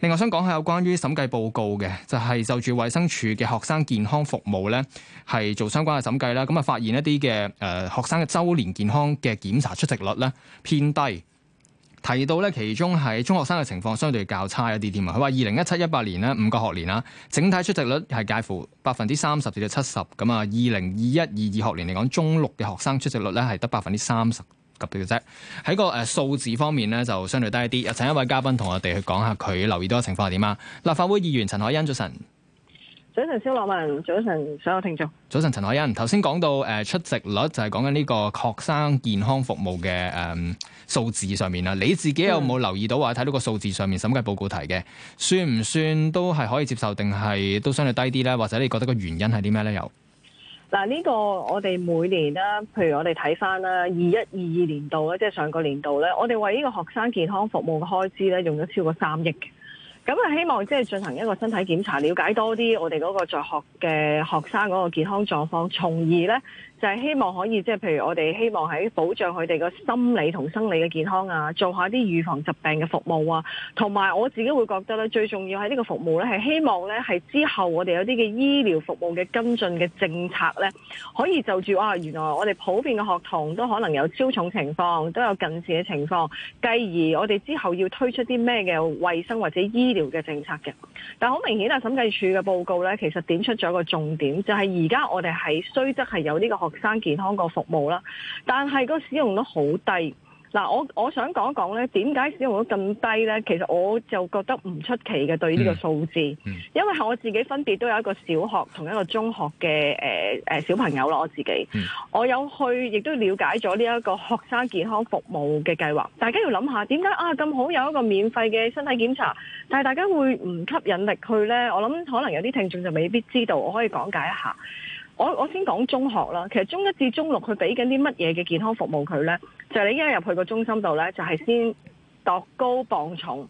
另外想講下有關於審計報告嘅，就係就住衛生署嘅學生健康服務咧，係做相關嘅審計啦。咁啊，發現一啲嘅誒學生嘅周年健康嘅檢查出席率咧偏低，提到咧其中係中學生嘅情況相對較差一啲添啊。佢話二零一七一八年咧五個學年啊，整體出席率係介乎百分之三十至到七十。咁啊，二零二一二二學年嚟講，中六嘅學生出席率咧係得百分之三十。特別嘅啫，喺個誒數字方面咧就相對低啲。有請一位嘉賓同我哋去講下佢留意到嘅情況係點啊？立法會議員陳凱欣，早晨。早晨，蕭樂文，早晨，所有聽眾。早晨，陳凱欣。頭先講到誒出席率就係講緊呢個學生健康服務嘅誒、嗯、數字上面啦。你自己有冇留意到、嗯、或者睇到個數字上面審計報告提嘅，算唔算都係可以接受，定係都相對低啲咧？或者你覺得個原因係啲咩咧？有。嗱，呢個我哋每年啦，譬如我哋睇翻啦，二一二二年度咧，即係上個年度咧，我哋為呢個學生健康服務嘅開支咧，用咗超過三億嘅。咁啊，希望即係進行一個身體檢查，了解多啲我哋嗰個在學嘅學生嗰個健康狀況，從而咧就係希望可以即係譬如我哋希望喺保障佢哋個心理同生理嘅健康啊，做下啲預防疾病嘅服務啊，同埋我自己會覺得咧最重要係呢個服務咧係希望咧係之後我哋有啲嘅醫療服務嘅跟進嘅政策咧，可以就住啊原來我哋普遍嘅學童都可能有超重情況，都有近視嘅情況，繼而我哋之後要推出啲咩嘅衛生或者醫。醫療嘅政策嘅，但好明顯啊！審計署嘅報告咧，其實點出咗一個重點，就係而家我哋係雖則係有呢個學生健康個服務啦，但係個使用率好低。嗱，我我想講一講咧，點解使用率咁低咧？其實我就覺得唔出奇嘅對於呢個數字，嗯嗯、因為係我自己分別都有一個小學同一個中學嘅、呃呃、小朋友咯，我自己，嗯、我有去亦都了解咗呢一個學生健康服務嘅計劃。大家要諗下點解啊咁好有一個免費嘅身體檢查，但係大家會唔吸引力去咧？我諗可能有啲聽眾就未必知道，我可以講解一下。我我先講中學啦，其實中一至中六佢俾緊啲乜嘢嘅健康服務佢呢？就係、是、你一入去個中心度呢，就係、是、先度高磅重。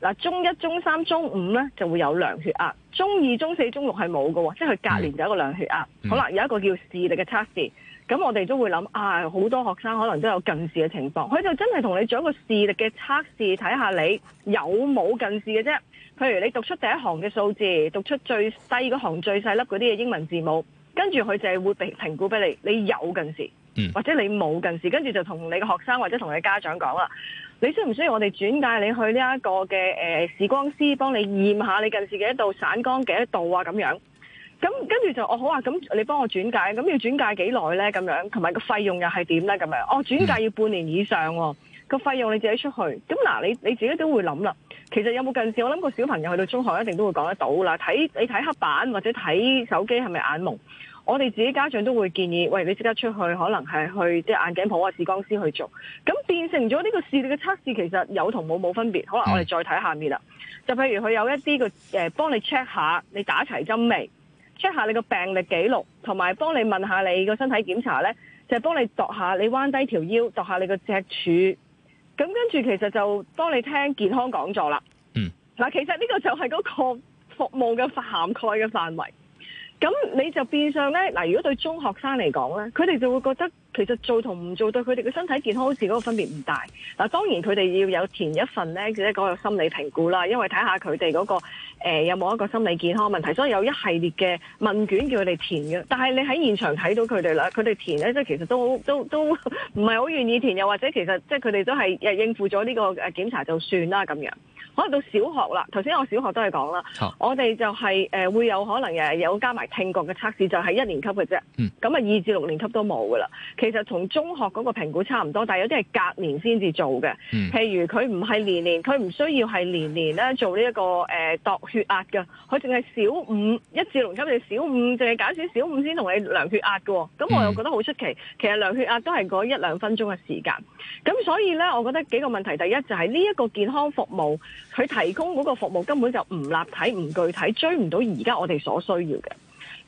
嗱，中一、中三、中五呢，就會有量血壓，中二、中四、中六係冇㗎喎，即係佢隔年就一個量血壓。是好啦，有一個叫視力嘅測試，咁、嗯、我哋都會諗啊，好多學生可能都有近視嘅情況，佢就真係同你做一個視力嘅測試，睇下你有冇近視嘅啫。譬如你讀出第一行嘅數字，讀出最細嗰行最細粒嗰啲嘅英文字母。跟住佢就係會評估俾你，你有近視，嗯、或者你冇近視，跟住就同你個學生或者同你家長講啦。你需唔需要我哋轉介你去呢、這個呃、一個嘅誒視光師幫你驗下你近視幾多度、散光幾多度啊？咁樣咁跟住就哦好啊，咁你幫我轉介，咁要轉介幾耐咧？咁樣同埋個費用又係點咧？咁樣哦，轉介要半年以上喎、哦，個費用你自己出去。咁嗱，你你自己都會諗啦。其實有冇近視？我諗個小朋友去到中學一定都會講得到啦。睇你睇黑板或者睇手機係咪眼朦？我哋自己家長都會建議，喂，你即刻出去，可能係去即係眼鏡鋪啊、視光師去做。咁變成咗呢個視力嘅測試，其實有同冇冇分別。好啦，我哋再睇下面啦。就譬如佢有一啲個誒，幫你 check 下你打齊針未？check 下你個病歷記錄，同埋幫你問下你個身體檢查咧，就係、是、幫你度下你彎低條腰度下你個脊柱。咁跟住，其實就當你聽健康講座啦。嗯，嗱，其實呢個就係嗰個服務嘅涵蓋嘅範圍。咁你就變相咧，嗱，如果對中學生嚟講咧，佢哋就會覺得。其實做同唔做對佢哋嘅身體健康好似嗰個分別唔大。嗱，當然佢哋要有填一份咧，即係嗰個心理評估啦，因為睇下佢哋嗰個、呃、有冇一個心理健康問題，所以有一系列嘅問卷叫佢哋填嘅。但係你喺現場睇到佢哋啦，佢哋填咧，即係其實都都都唔係好願意填，又或者其實即係佢哋都係應付咗呢個檢查就算啦咁樣。可能到小學啦，頭先我小學都係講啦，啊、我哋就係、誒、呃、會有可能有加埋聽覺嘅測試，就係一年級嘅啫。咁啊、嗯，二至六年級都冇噶啦。其實同中學嗰個評估差唔多，但係有啲係隔年先至做嘅。譬如佢唔係年年，佢唔需要係年年咧做呢，這，一個誒度、呃、血壓嘅，佢淨係小五，一至六級就是小五，淨係揀選小五先同你量血壓嘅、哦。咁我又覺得好出奇，其實量血壓都係嗰一兩分鐘嘅時間。咁所以咧，我覺得幾個問題，第一就係呢一個健康服務，佢提供嗰個服務根本就唔立體、唔具體，追唔到而家我哋所需要嘅。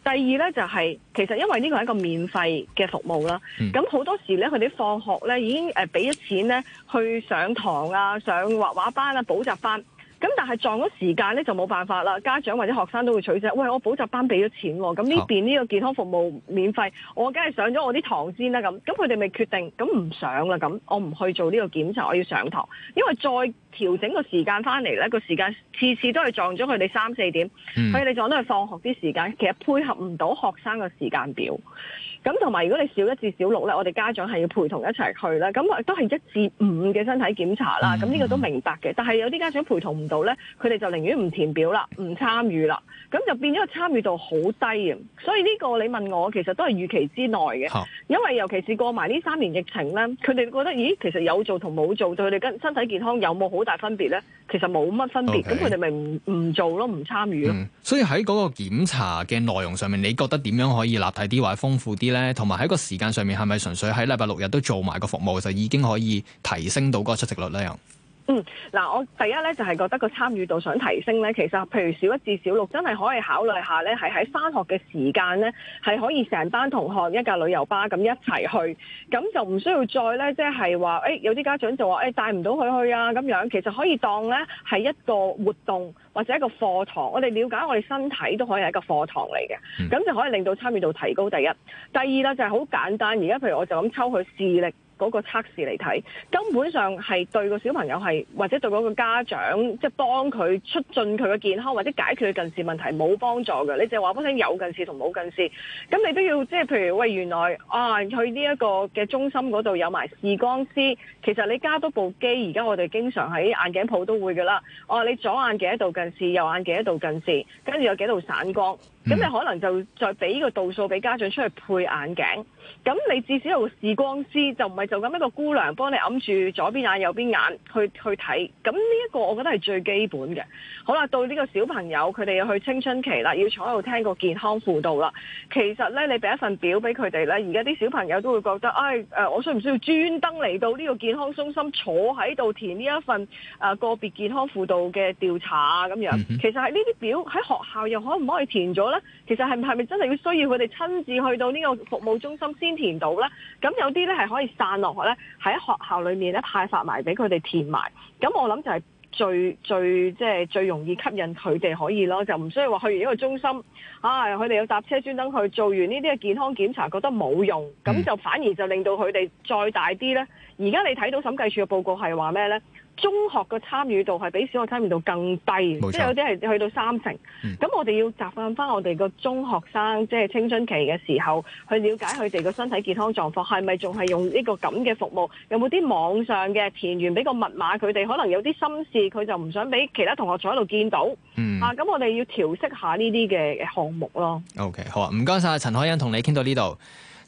第二咧就係、是、其實因為呢個係一個免費嘅服務啦，咁好、嗯、多時咧佢哋放學咧已經誒俾咗錢咧去上堂啊、上畫畫班啊、補習班，咁但係撞咗時間咧就冇辦法啦。家長或者學生都會取捨，喂，我補習班俾咗錢喎，咁呢邊呢個健康服務免費，我梗係上咗我啲堂先啦咁，咁佢哋咪決定咁唔上啦咁，我唔去做呢個檢查，我要上堂，因為再。調整個時間翻嚟呢個時間次次都係撞咗佢哋三四點，佢哋你撞到係放學啲時間，其實配合唔到學生個時間表。咁同埋如果你小一至小六呢我哋家長係要陪同一齊去啦。咁都係一至五嘅身體檢查啦。咁呢個都明白嘅。嗯嗯，但係有啲家長陪同唔到呢，佢哋就寧願唔填表啦，唔參與啦。咁就變咗個參與度好低嘅。所以呢個你問我，其實都係預期之內嘅。因為尤其是過埋呢三年疫情呢，佢哋覺得咦，其實有做同冇做對佢哋身體健康有冇好大分別咧，其實冇乜分別，咁佢哋咪唔唔做咯，唔參與咯、嗯。所以喺嗰個檢查嘅內容上面，你覺得點樣可以立體啲或者豐富啲咧？同埋喺個時間上面，係咪純粹喺禮拜六日都做埋個服務就已經可以提升到嗰個出席率咧？嗯，嗱，我第一咧就係、是、覺得個參與度想提升咧，其實譬如小一至小六真係可以考慮下咧，係喺返學嘅時間咧，係可以成班同學一架旅遊巴咁一齊去，咁就唔需要再咧，即係話誒有啲家長就話誒帶唔到佢去啊咁樣。其實可以當咧係一個活動或者一個課堂，我哋了解我哋身體都可以係一個課堂嚟嘅，咁、嗯、就可以令到參與度提高。第一，第二啦就係、是、好簡單，而家譬如我就咁抽佢視力。嗰個測試嚟睇，根本上係對個小朋友係或者對嗰個家長，即係幫佢促進佢嘅健康或者解決佢近視問題冇幫助嘅。你淨係話本身有近視同冇近視，咁你都要即係譬如喂，原來啊去呢一個嘅中心嗰度有埋視光師，其實你加多部機，而家我哋經常喺眼鏡鋪都會嘅啦。哦，你左眼幾多度近視，右眼幾多度近視，跟住有幾度散光，咁你可能就再俾個度數俾家長出去配眼鏡。咁你至少有視光師，就唔係。就咁一個姑娘幫你揞住左邊眼右邊眼去去睇，咁呢一個我覺得係最基本嘅。好啦，到呢個小朋友，佢哋要去青春期啦，要坐喺度聽個健康輔導啦。其實呢，你俾一份表俾佢哋咧，而家啲小朋友都會覺得，唉、哎，我需唔需要專登嚟到呢個健康中心坐喺度填呢一份誒、啊、個別健康輔導嘅調查啊？咁樣，嗯、哼其實係呢啲表喺學校又可唔可以填咗呢？其實係係咪真係要需要佢哋親自去到呢個服務中心先填到呢？咁有啲呢係可以散。落學咧，喺學校裏面咧，派發埋俾佢哋填埋，咁我諗就係最最即係最容易吸引佢哋可以咯，就唔需要話去完一個中心，啊，佢哋要搭車專登去做完呢啲嘅健康檢查，覺得冇用，咁就反而就令到佢哋再大啲咧。而家你睇到審計署嘅報告係話咩咧？中學嘅參與度係比小學參與度更低，錯即係有啲係去到三成。咁、嗯、我哋要習慣翻我哋個中學生，即、就、係、是、青春期嘅時候，去了解佢哋個身體健康狀況係咪仲係用呢個咁嘅服務？有冇啲網上嘅填完俾個密碼，佢哋可能有啲心事，佢就唔想俾其他同學坐喺度見到。嗯、啊，咁我哋要調適下呢啲嘅項目咯。OK，好啊，唔該晒。陳凱欣，同你傾到呢度。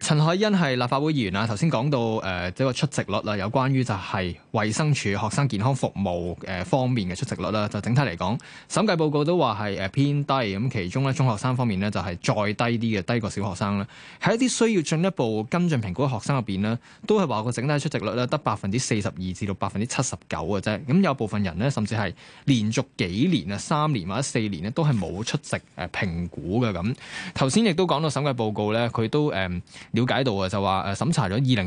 陳凱欣係立法會議員啊，頭先講到誒，個出席率有關於就係衛生署學生健康服務誒方面嘅出席率啦。就整體嚟講，審計報告都話係誒偏低，咁其中咧中學生方面咧就係再低啲嘅，低過小學生啦。喺一啲需要進一步跟進評估嘅學生入邊呢，都係話個整體出席率咧得百分之四十二至到百分之七十九嘅啫。咁有部分人呢，甚至係連續幾年啊，三年或者四年呢，都係冇出席誒評估嘅。咁頭先亦都講到審計報告咧，佢都誒。嗯了解到啊，就話誒審查咗二零二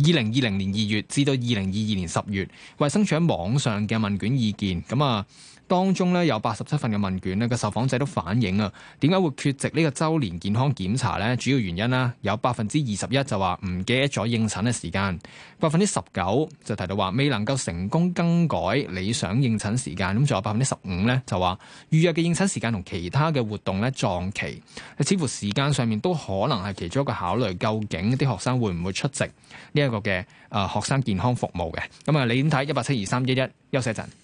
二零二零年二月至到二零二二年十月，衞生署喺網上嘅問卷意見咁啊。當中咧有八十七份嘅問卷呢個受訪者都反映啊，點解會缺席呢個周年健康檢查呢？主要原因啦，有百分之二十一就話唔記得咗應診嘅時間，百分之十九就提到話未能夠成功更改理想應診時間，咁仲有百分之十五呢，就話預約嘅應診時間同其他嘅活動呢，撞期，似乎時間上面都可能係其中一個考慮。究竟啲學生會唔會出席呢一個嘅誒學生健康服務嘅？咁啊，你點睇？一八七二三一一，休息一陣。